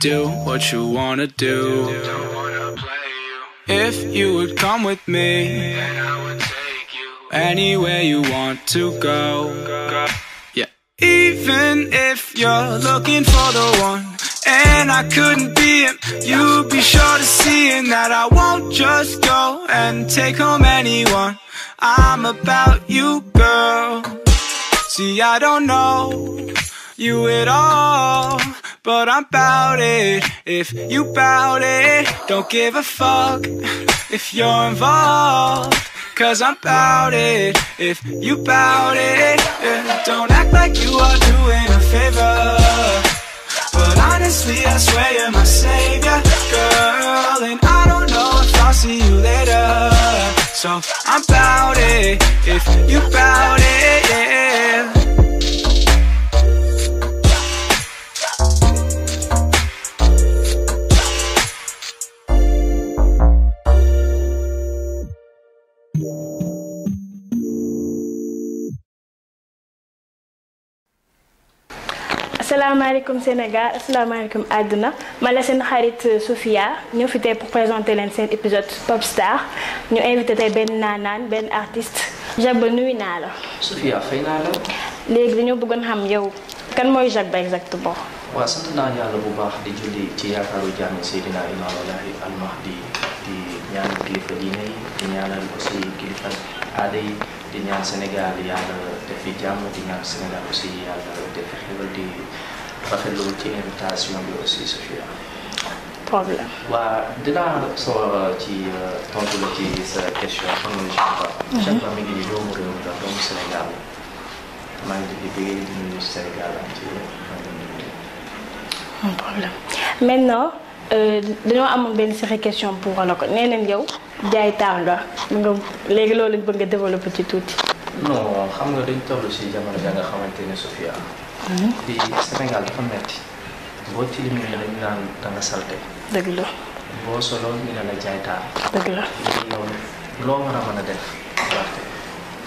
Do what you wanna do. Wanna you. If you would come with me, you. anywhere you want to go. Yeah. Even if you're looking for the one, and I couldn't be him, you'd be sure to see and that I won't just go and take home anyone. I'm about you, girl. See, I don't know you at all But I'm bout it If you bout it Don't give a fuck If you're involved Cause I'm bout it If you bout it yeah. Don't act like you are doing a favor But honestly I swear you're my savior Girl and I don't know if I'll see you later So I'm bout it If you bout it yeah. asalaamaaleykum Sénégal Senegal, àdduna alaikum Aduna. seen xarit euh, Sofia ñëw fi tey pour présenter l'ancien épisode Popstar ñu invité tey Ben naanaan Ben artiste Jacques Ba nuyu la. Sofia fay naa la. léegi dañoo bëggoon xam yow kan mooy Jacques Ba exactement. Wa sant naa bu baax di julli ci yaakaaru jaami Seydina Imaam Al Mahdi ñaanal kilifa diine yi di ñaanal aussi kilifa aada yi di ñaan Sénégal yàlla def fi jàmm di ñaan Sénégal aussi yàlla def fi xéwal di rafetlu ci invitation bi aussi Sophia. problème waaw dinaa soxla euh, ci euh, tontu la ci sa question xam nga je sais pas. Mhm. mi ngi nii doomu réew mi la doomu Sénégal la maa ngi di bëggee di nuyu Sénégal am ci problème maintenant. Euh, dañoo amoon benn série question pour la ko nee nañ yow jaay taar nga nga léegi loolu lañ bëgg nga développer ci tuuti. non xam nga dañ toll si jamono ja nga xamante ne Sofia. Mhm. di Sénégal dafa metti boo ci limee dañu naan da nga salte. dëgg la. boo solo ñu ne la jaay taar. dëgg la léegi loo war a mën a def baaxte.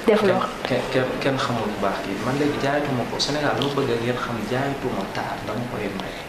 def loo kenn kenn kenn xamul baax gi man léegi jaayatuma ko Sénégal loo bëgg ngeen xam jaayatuma taar dama koy may.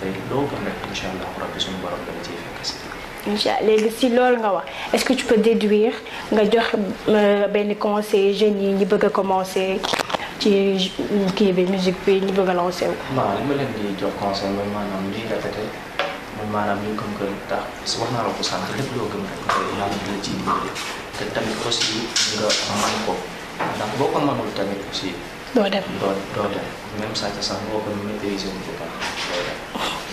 tay do gëm rek incha allah rabbi suñu borom dana ciy fekk si. incha allah si loolu nga wax est-ce que tu peux déduire nga jox ben conseil jeune yi ñi bëgg commencer ci kii bi musique bi ñi bëgg a lancer wu. waaw li ma leen di jox conseil mooy maanaam liy répété mooy maanaam li ñu ko mën a tax wax na la ko sànq lepp lo gëm rek yaa dina ci dimbali te tamit aussi nga man ko ndax boo ko mënul tamit aussi. doo dem doo do dem même sax sax boo ko maîtriser wu ko baax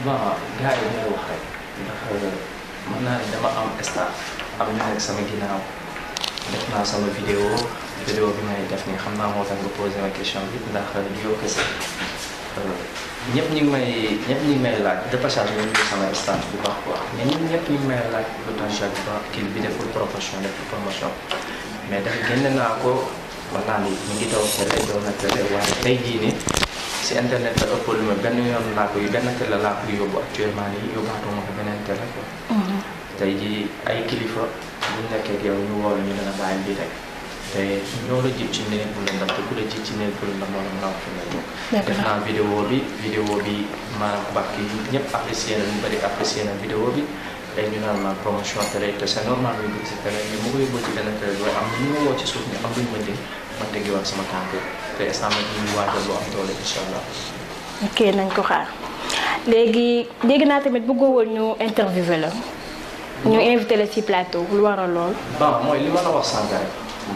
bon gars yi ngay wax rek ndax mën naa ne dama am staff am sama ginnaaw naa sama vidéo vidéo bi may def nii xam naa moo tax nga posé ma question bi ndax du yow kese ñëpp ñu ngi may ñëpp ñu ngi may laaj dépassage bi bu baax quoi mais ñun bi deful promotion deful promotion mais daf génn naa ko mën ni ñu ngi daw télé doon na télé waaye tey jii si internet la ëppal ma benn yoon laa yi benn télé laa koy yóbbu actuellement nii yóbbaatuma ko beneen télé quoi. Mhm. tey jii ay kilifa bu nekkee ak yow ñu woo la ñu dana bàyyi bii rek te ñoo la jib ci néeg bu lëndam te ku la jib ci néeg bu lëndam moo la mën a wax fi nga jóg. naa vidéo bi vidéo bi maanaam bàkk yi ñëpp apprécié na mu bëri apprécié na vidéo bi. tey ñu naan ma promotion télé te c'est normal muy bëgg si télé mais mu koy yóbbu ci benn télé am am luñ sama tànk te instant nag ñu waajal lu am doole incha allah. ok nañ ko xaar léegi dégg naa tamit bëggoo woon ñu interviewé la. ñu invité la ci plateau lu waral lool. bon mooy li ma la wax sànq rek.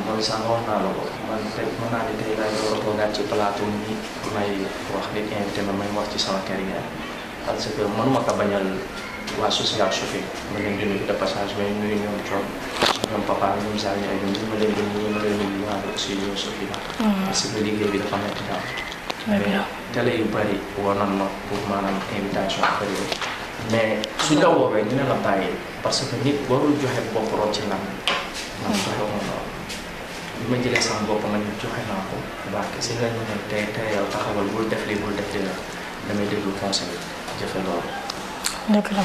mooy sànq wax naa la ko man tey mën naa ne tey laay war a toogaat ci plateau ni may wax nit invité ma may wax ci sama carrière parce que mënuma ko bañal waa social chauffé ma leen di nuyu de passage may nuyu ñoom Thion ñoom Papa ñoom Sall ñoom ñoom ma leen di nuyu si réseaux liggéey bi dafa yu bëri war nañ ma pour maanaam invitation mais suñ la woowee ñu ne la bàyyi parce que nit warul joxe bopp root ci lan man joxe loolu bi ma jëlee sama bopp man joxe naa ne tey tey yow taxawal bul def lii bul def lii la damay déglu conseil jëfe loolu. dëgg la.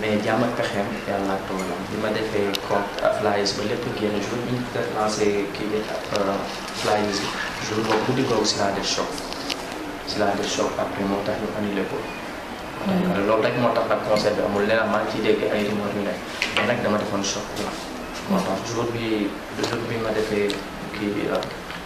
mais jàmm ak pexeem yàlla ak doolam bi ma defee compte Flyers ba lépp génn jour bi ñu ko lancé kii bi euh, Flyers bi jour boobu guddi googu si laa def choc si laa def choc après moo tax ñu annulé ko. loolu rek moo tax ak concert bi amul leneen maa ngi ciy dégg ay rumeur yu nekk mais dama defoon choc moo tax jour bi jour bi ma defee kii euh,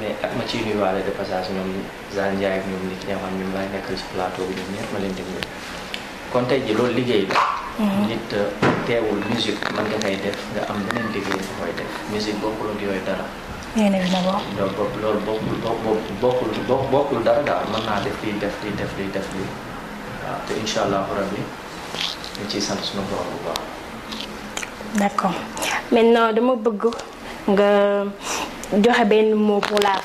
mais ak ma ciy nuyuwaale mhm. de passage ñoom Zane Ndiaye ak ñoom nit ñi nga xam ñoom laay nekkal si plateau bi ñoom ñëpp ma leen di nuyu kon tey ji loolu liggéey la. nit teewul musique man nga koy def nga am beneen liggéey nga koy def musique bokkul ak yooyu dara. yéen a na bokk. loolu bokk bokkul bokkul bokkul naa def lii def lii def lii def lii waaw te incha allahu rabbi ñu ciy sant suñu borom bu baax. d' accord maintenant dama bëgg nga. joxe benn mot pour la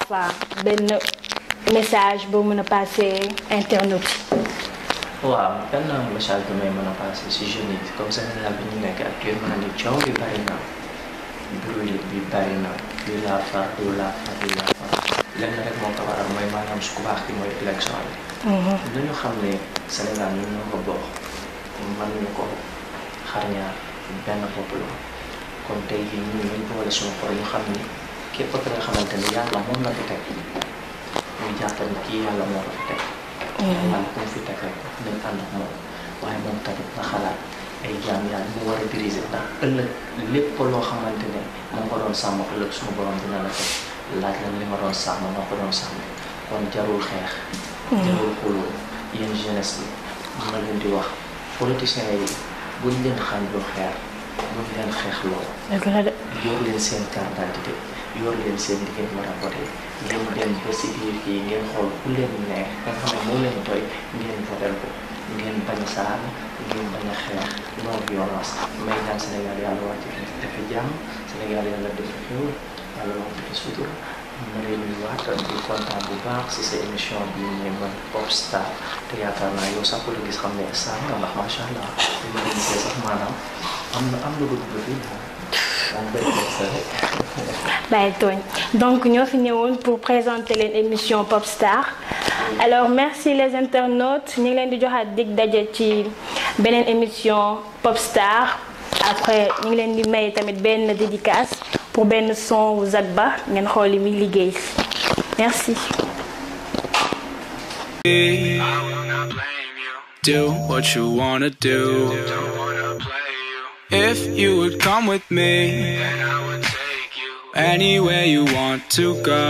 message boo mën a passer internet yi. waaw benn message bi may mën a passer si jeunes comme Sénégal bi ñu nekk actuellement nii coow bi bari na bi bari na du la fa du la fa du la lenn rek moo ko waral mooy maanaam su ku ki mooy élection yi. nañu mhm. xam ne Sénégal ñun ñoo ko bokk mën ñu ko xarñaar benn bopp la kon tey jii ñun ñu boole suñu xol ñu xam ni. képp ki nga xamante ni yàlla moom la fi teg ñu jàpp ni kii yàlla moom la fi teg. yàlla ku mu fi teg rek nañ loo xamante ne ma ko doon sàmm ëllëg suñu borom dina la ko laaj la li ma doon sàmm ma ko doon sàmm kon jarul xeex. Mm. jarul xuloo yéen jeunesse bi. ma leen di wax politiciens yi buñ leen xànjoo xeer. mun leen xeex lool. dëgg la leen seen carte d'identité yor leen seen ticket war a voté ngeen dem ba si biir kii ngeen xool ku leen neex nga xam ne moo leen doy ngeen votel ko ngeen bañ a saaga ngeen bañ a xeex non violence may ñaan Sénégal yàlla wàcc fi def jàmm Sénégal yàlla def xew yàlla wàcc fi sutura ma lay nuyuwaat di kontaan bu baax si sa emission bi man pop star te yaakaar naa yow sax ku la gis xam ne star nga ndax macha allah li ma leen gisee sax maanaam am na am na lu dugg fii Baye Tooñ donc ñoo fi ñëwoon pour présenter l'émission pop star alors merci les internautes ñu ngi leen di joxaat dig daje ci beneen émission pop star après ñu ngi leen di may tamit benn dédicace. pour son merci. Do what you wanna do. If you would come with me, anywhere you want to go.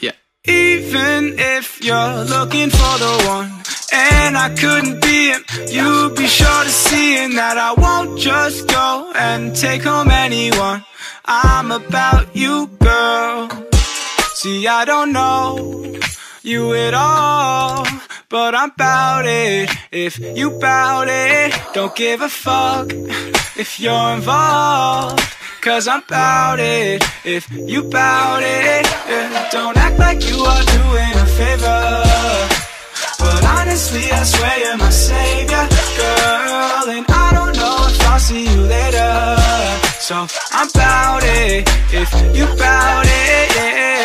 Yeah. Even if you're looking for the one and I couldn't be him, you'd be sure to see that I won't just go and take home anyone. I'm about you, girl. See, I don't know you at all, but I'm about it. If you bout it, don't give a fuck if you're involved. Cause I'm bout it, if you bout it, yeah. Don't act like you are doing a favor. But honestly, I swear you're my savior, girl And I don't know if I'll see you later so I'm bout it, if you bout it, yeah